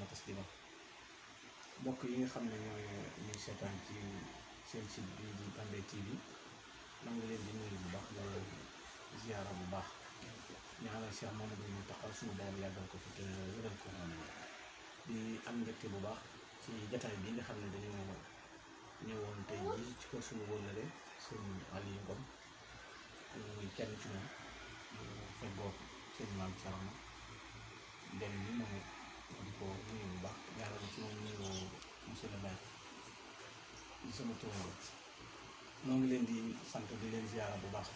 wa taslima mbokk yi nga xam ne ñooy ñuy seetaan ci seen site bi di Bambey TV maa ngi leen di nuyu bu baax la ziyaara bu baax ñaanal Cheikh Mamadou Mountakha suñu borom yàggal ko fi te wéral ko di am mbégte baax ci jataay bi nga xam ne dañoo ñëwoon tey jii ci kër suñu wóllare sëñ Aliou Ngom muy maam Thierno dem ni moom di ko nuyu bu baax ñaanal ci moom nuyoo monsieur le maire di sama turam ñoo ngi leen di sant di leen ziara bu baax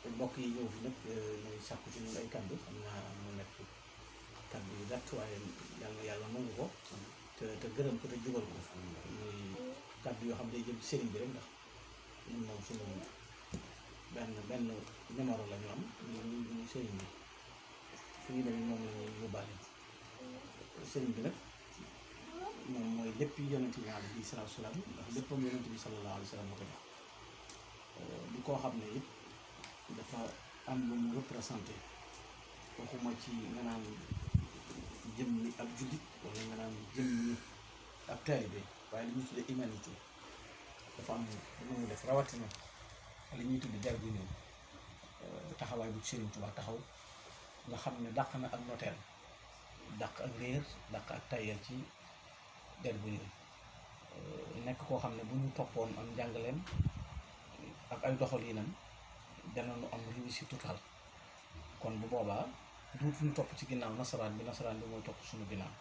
te mbokk yi ñëw fi nag ñooy sàkku ci ñun ay kaddu xam naa mu nekk kaddu yu gàtt waaye yàlla yàlla nangu ko te te gërëm ko te jugal ko muy kaddu yoo xam day jël ci sëriñ bi rek ndax ñun moom suñu benn benn numéro la am ñu ñu sëriñ bi fi ñu demee moom la ñuy sëriñ bi nag moom mooy lépp yonent bi alayhi salaatu salaam ndax léppam yonent bi sallallahu alayhi wa sallam moo euh, koo xam ne it dafa am lu mu ci nga naan jëm ni ak jullit wala nga naan jëm ni ab taalibe waaye li ñuy tudde humanité dafa am lu mu def rawatina li ñuy tudde jar gi euh, taxawaay bu Sëriñ Tuubaa taxaw nga xam ne dàq na ak noteel dak ak leer dak ak tayal ci der bu nek euh, nekk koo xam ne bu ñu toppoon am njàngaleem ak ay doxalinam danañu am réussite total kon bu boobaa duutuñu top ci ginnaw nasaraan bi nasaraan bi mooy top suñu ginnaw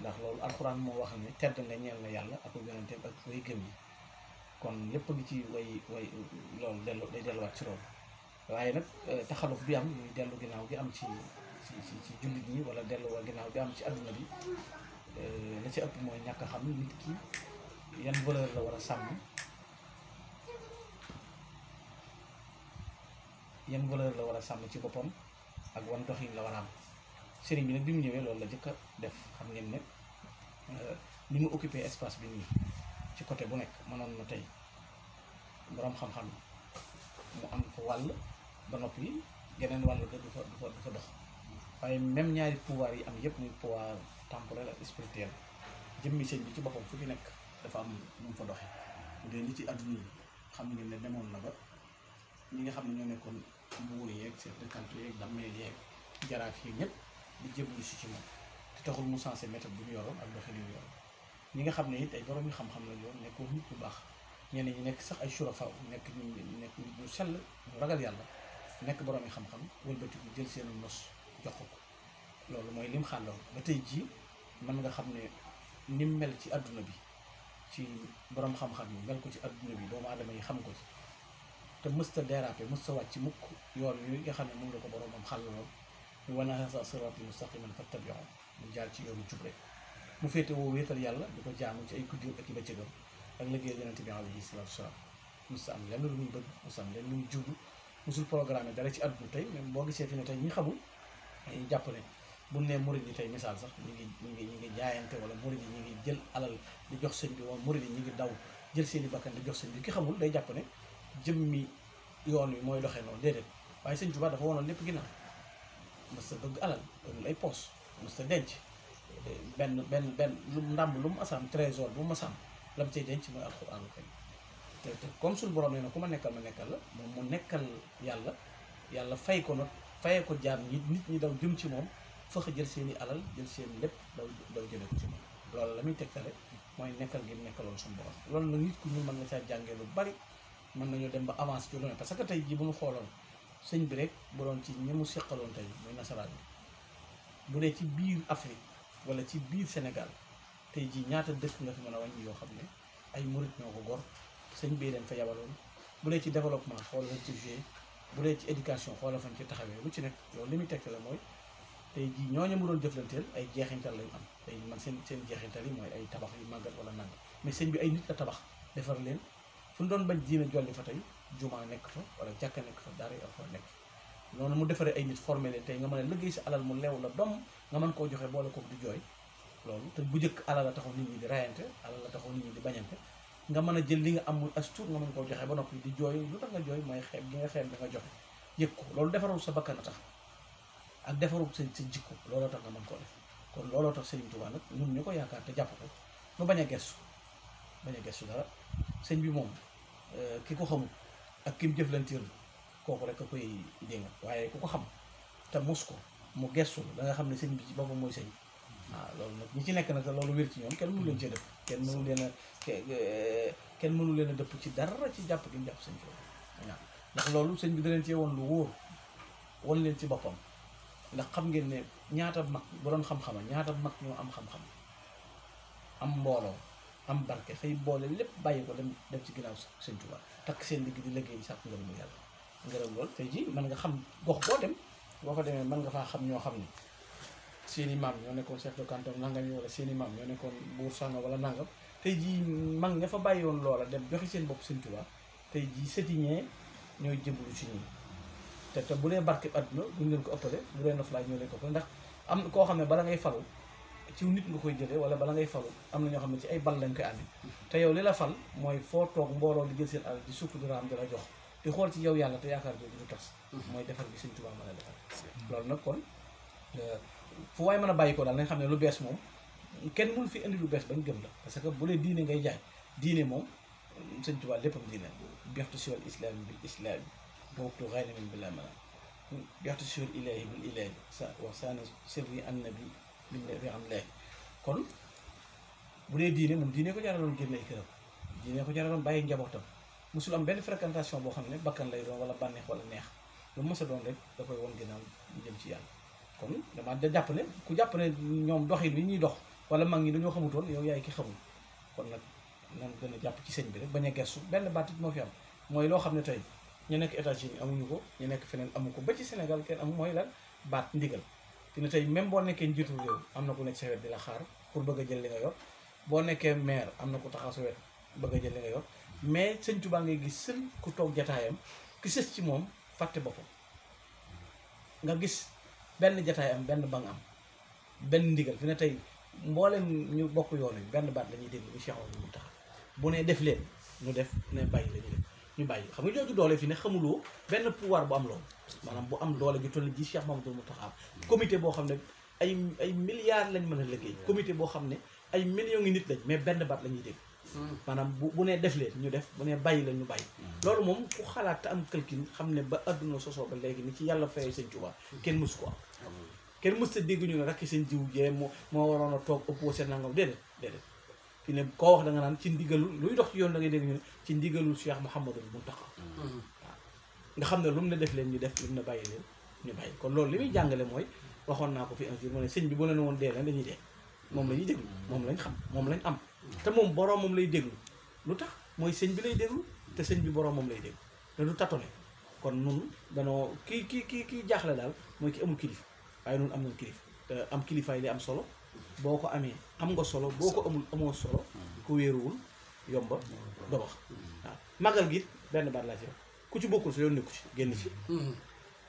ndax loolu alquran mo wax ni tedd nga ñeel na yalla ak yonenteem ak way gem yi kon lepp gi ci way way loolu delu day wat ci loolu waye nak euh, taxaluf bi am muy delu ginnaw gi am ci ci ci ci jullit ñi wala delloo ginnaaw bi am ci àdduna bi eh, la ci ëpp mooy ñàkk xam nit ki yan valeur la war a sàmm yan valeur la war a sàmm ci boppam ak wan doxin la war am sëriñ bi nag bi mu loolu la jëkk def xam ngeen ne eh, ni mu occupé espace bi nii ci côté bu nekk mënoon na tey borom xam-xam mu am fa wàll ba noppi geneen wàll ga du fa du fa du fa dox waaye même ñaari pouvoir yi am yëpp muy pouvoir temporel ak spirituel jëmmi sëñ bi ci boppam fu ñu nekk dafa am nu mu fa doxe bu dee ci adduna bi xam ngeen ne demoon na ba ñi nga xam ne ñoo nekkoon mbuur yeeg chef de canton yeeg dammeel yeeg jaraaf yeeg ñëpp di jébbalu si ci taxul mu sensé méthode bu ñu yoroon ak doxalin yu ñi nga xam ne it ay borom yu xam-xam la yoon nekkoon nit bu baax ñenn ñi nekk sax ay surafa nekk ñu nekk ñu sell ñu ragal yàlla nekk borom yi xam-xam wëlbatiku jël seenu nos jox ko loolu mooy lim xàlloon ba tey jii mën nga xam ne nim mel ci àdduna bi ci borom xam-xam yi mel ko ci àdduna bi doomu aadama yi xam ko ci te mësta déraper mësta wàcc mukk yoon yu nga xam ne mën nga ko boromam xàlloon ñu wane sa siraatal mustaqiman fattabi'u mu jaar ci yoonu jub rek mu féete woo wéetal yàlla di ko jaamu ci ay guddi ak i bëccëgam ak liggéey yonent bi alayhi am lenn lu muy bëgg musta am lenn lu muy jublu dara ci àdduna tey même boo gisee fi ne tey ñi xamul dañuy jàpp ne bu ne murid yi tey misaal sax ñu ngi ñu ngi ñu ngi jaayante wala murid yi ñu ngi jël alal di jox sëñ bi wala murid yi ñu ngi daw jël seeni bakkan di jox sëñ bi ki xamul day jàpp ne jëmmi yoon wi mooy doxee noonu déedéet waaye sëñ Tuubaa dafa woonoon lépp ginnaaw mës ta bëgg alal ay poos mës ta denc benn benn benn lu ndàmb lu mu asaam trésor bu mu asaam la mu cay denc mooy alxuraan kay te te comme suñu borom nee na ku ma nekkal ma nekkal la moom mu nekkal yàlla yàlla fay ko nag fayee ko jaam ñi nit ñi daw jëm ci moom fëx jël seeni alal jël seeni lépp daw daw jëlee ko ci moom loolu la muy tegtale mooy nekkal gi nekkaloon suñu borom loolu nag nit ku ñu man nga caa jàngee lu bari mën nañoo dem ba avancé ci parce que tey jii bu mu xooloon sëñ bi rek bu doon ci ñi séqaloon seqaloon tey muy nasaraan bi bu dee ci biir Afrique wala ci biir Sénégal tey jii ñaata dëkk nga fi mën a wàññi yoo xam ne ay murit ñoo ko gor sëñ bii leen fa yabaloon bu dee ci développement xool ci bu dee ci éducation xoola fan ci taxawee lu ci nekk loolu li muy tekk la mooy tey jii ñooñu mu doon jëflanteel ay jeexintal lañ am tey man seen seen jeexintal yi mooy ay tabax yu màggat wala nang mais sëñ bi ay nit la tabax defar leen fu ñu doon bañ diine jolli fa tey jumaa nekk fa wala jàkk nekk fa daara alfa nekk noonu mu defaree ay nit formé leen tey nga mën a liggéey sa alal mu leew la dom nga mën koo joxe boole koog du jooy loolu te bu njëkk alal la taxoon nit rayante alal la taxoon nit ñi di bañante nga mën a jël li nga amul as tuut nga mën koo joxe ba noppi di jooy lu tax nga jooy mooy xeeb gi nga xeeb da nga joxe yëg ko loolu defarul sa bakkan a tax ak defarul sa sa jikko looloo tax nga mën koo def kon looloo tax Serigne Touba nag ñun ñu ko yaakaar jàpp ko nu bañ a gestu bañ a gestu sëñ bi moom euh, ki ko xamul ak kim jëflantiir kooku rek a koy dégg waaye ku ko xam te mus ko mu gestu la nga xam ne sëñ bi ci boppam mooy sëñ bi waaw ah, loolu nag ñi ci nekk nag loolu wér ci ñoom kenn mënu leen cee dëpp kenn mënu leen a kenn mënu leen a dëpp ci dara ci jàpp gi ñu jàpp sëñ Tuubaa ndax loolu sëñ bi da leen cee woon lu wóor woon leen ci boppam ndax xam ngeen ne ñaata mag boroom xam-xama ñaata mag ñoo am xam-xam am mbooloo am barke fay boole lépp bàyyi dem dem ci ginnaaw sëñ Tuubaa takk seen digg di liggéey sàkk ngërëmu yàlla ngërëm lool tey ji mën nga xam gox boo dem boo ko demee nga faa xam ñoo xam ne seen i maam ñoo nekkoon chef de canton nangam yi wala seen i maam ñoo nekkoon buur sangam wala nangam tey jii mag ña fa bàyyi woon loola dem joxe seen bopp Sëñ Tuubaa tey jii sëtiñee ñooy jëmbalu ci ñii te te bu dee barke adduna duñ leen ko ëppale bu leen noflaay ñoo leen ko ëppale ndax am koo xam ne bala ngay falu ci nit nga koy jëlee wala bala ngay falu am na ñoo xam ne ci ay bal lañ koy andi te yow li la fal mooy foo toog mbooloo li jël seen alal di sukk di raam di la jox di xool ci yow yàlla te yaakaar jooju du mm-hmm. mooy defar bi Sëñ Tuubaa mën loolu nag kon euh, fu waay man a bàyyi ko daal nañ xam ne lu bees moom kenn mënu fi indi lu bees bañ jëm la parce que bu dee diine ngay jaay diine moom sëñ Tuubaa léppam diine bextu siwal islaam bil islaam bootu xayri min bila mana bextu siwal ilaahi bil ilaahi sa wax saana sirri an nabi min fi am léegi kon bu dee diine moom diine ko jaraloon génn ay këram diine ko jaraloon bàyyi njabootam musul am benn fréquentation boo xam ne bakkan lay doon wala bànneex wala neex lu mos doon rek da koy woon gënaaw jëm ci yàlla kon dama da jàpp ne ku jàpp ne ñoom doxin bi ñuy dox wala mag ñi dañoo xamutoon yow yaay ki xamul kon nag nan gën a jàpp ci sëñ bi rek ba a gestu benn baatit moo fi am mooy loo xam ne ñu nekk États-Unis amuñu ko ñu nekk feneen amu ko ba ci Sénégal kenn amu mooy lan baat ndigal te ne tey même boo nekkee njiitu réew am na ku nekk sa wet di la xaar pour bëgg a jël li nga yor boo nekkee maire am na ko taxaw sa bëgg a jël li nga yor mais sëñ Tuubaa ngay gis sëñ ku toog jataayam ki sës ci moom fàtte boppam gis benn jataay am benn bang am benn ndigal fi ne tey mboolem ñu bokk yoon wi benn baat la ñuy dégg mu tax bu ne def ñu def ne bàyyi la ñu def ñu xam nga jooju doole fi ne xamuloo benn pouvoir bu am loolu maanaam bu am doole ju toll ji Cheikh Mamadou mu tax am comité boo xam ne ay ay milliards lañ mën a liggéey comité boo xam ne ay millions ngi nit lañ mais benn baat la ñuy dégg maanaam bu bu nee def leen ñu def bu nee bàyyi la ñu bàyyi mm-hmm. loolu moom ku xalaat te am calcul xam ne ba adduna sosoo ba léegi ni ci yàlla fayee sëñ Tuubaa kenn mësu ko am mm-hmm. kenn mës ta dégg ñu ne rakk seen jiw jee moo moo waroon a toog opposé nangam déedéet déedéet fi ne koo wax da nga naan ci ndigalul luy dox ci yoon da ngay dégg ñu ne ci ndigalul Cheikh Mouhamadul tax mm-hmm. waaw nga xam ne lu mu ne def leen ñu def lu mu ne bàyyi leen ñu bàyyi kon loolu li muy jàngale mooy waxoon naa ko fi bi bu leen woon dee leen dañuy dee moom la ñuy moom lañ xam moom lañ am te moom moom lay déglu lu tax mooy sëñ bi lay déglu te sëñ bi moom lay déglu te du tatone kon nun danoo kii kii kii kii jaaxle daal mooy ki amul kilifa waaye nun am nañ kilifa te am kilifaay li am solo boo ko amee am nga solo boo ko amul amoo solo ku wéeruwul yomba dobax waaw magal gi benn baat laa ci ku ci bokkul sa yoon nekku ci génn ci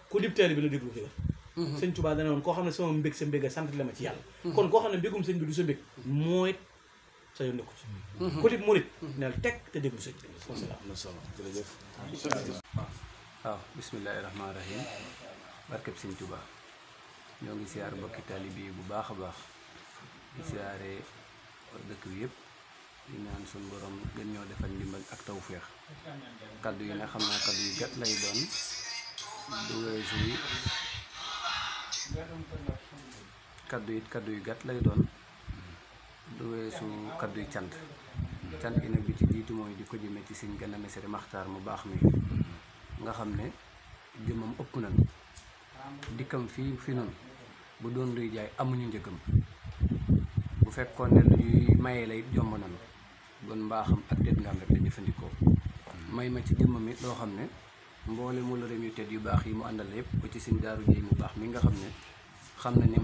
ku dib teel bi na déglu mhm. dëgg sëñ Tuubaa dana woon koo xam ne sama mbég sa mbég a sant la ma ci sa yoon nekku ci ku dib murit neel teg te déglu sëñ am na solo rahim ñoo ngi mbokki bu baax di siyaare bi di ñaan suñu borom gën ñoo defal ndimbal ak tawféex kaddu yi nga xam kaddu yu lay doon du kaddu yi kaddu yu lay doon du weesu kaddu yi e cant cant gi nag bi ci jiitu mooy di ko jëmee ci sëñ Ganna Messere Maxtaar mu baax mi nga xam ne jëmmam ëpp nañ dikkam fii fi noonu bu doon luy jaay amuñu njëgam bu fekkoon luy lay nañ ak rek la may ma ci jëmmam mi loo xam ne mboole mu la rem yu tedd yu baax yi mu hamne yëpp ba ci sëñ daaru jéy mu baax mi nga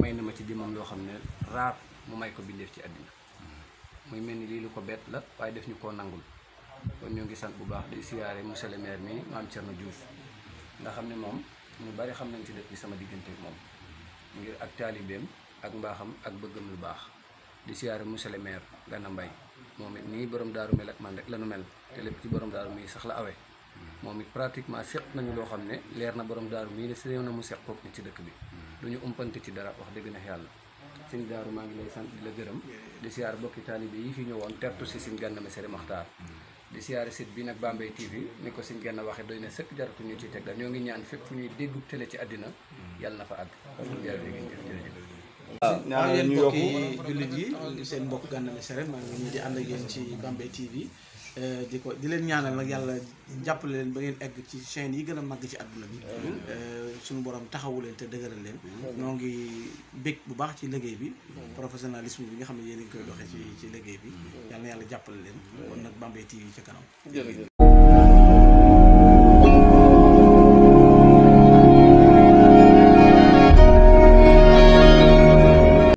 may ma ci jëmmam loo xam ne mu may ko bindeef ci muy melni li lu ko bet la way def ñu nangul kon ñu ngi sant bu baax di siaré monsieur le maire mi mam Thierno Diouf nga xam mom ñu bari xam nañ ci def bi sama digënté mom. ngir ak talibem ak mbaxam ak bëggum lu baax di siaré monsieur le maire ganna mbay momit ni borom daru mel ak man rek lañu mel té lepp ci borom daru mi sax la awe Momit pratik pratiquement seq nañu lo xamné ne na borom daru. mi ni si réew na mu seq ko ci dëkk bi duñu umpanté ci dara wax dëgg na sëñ Daaru maa ngi lay sant di la gërëm di siyaar bokki taalibe yi fi ñëwoon tertu si sëñ Ganna Messere Maxtaar di siyaare site bi nag Bambey TV ni ko suñ genn waxe doy na sëkk jaratu ñu ci teg da ñoo ngi ñaan fépp fu ñuy dégg télé ci àddina yàlla na fa àgg waaw ñu yokk mbokki jullit yi seen mbokk Ganna Messere maa ngi ñu di ànd ak yéen ci Bambey TV Euh, di ko di leen ñaanal nag yàlla jàppale leen ba ngeen egg ci chaîne yi gën a màgg ci àdduna bi euh, suñu borom taxawu leen te dëgëral leen moo ngi bég bu baax ci liggéey bi professionnalisme bi nga xam ne yéen a ngi koy doxee ci ci liggéey bi yàlla na yàlla jàppale leen kon nag Bambey TV ca kanam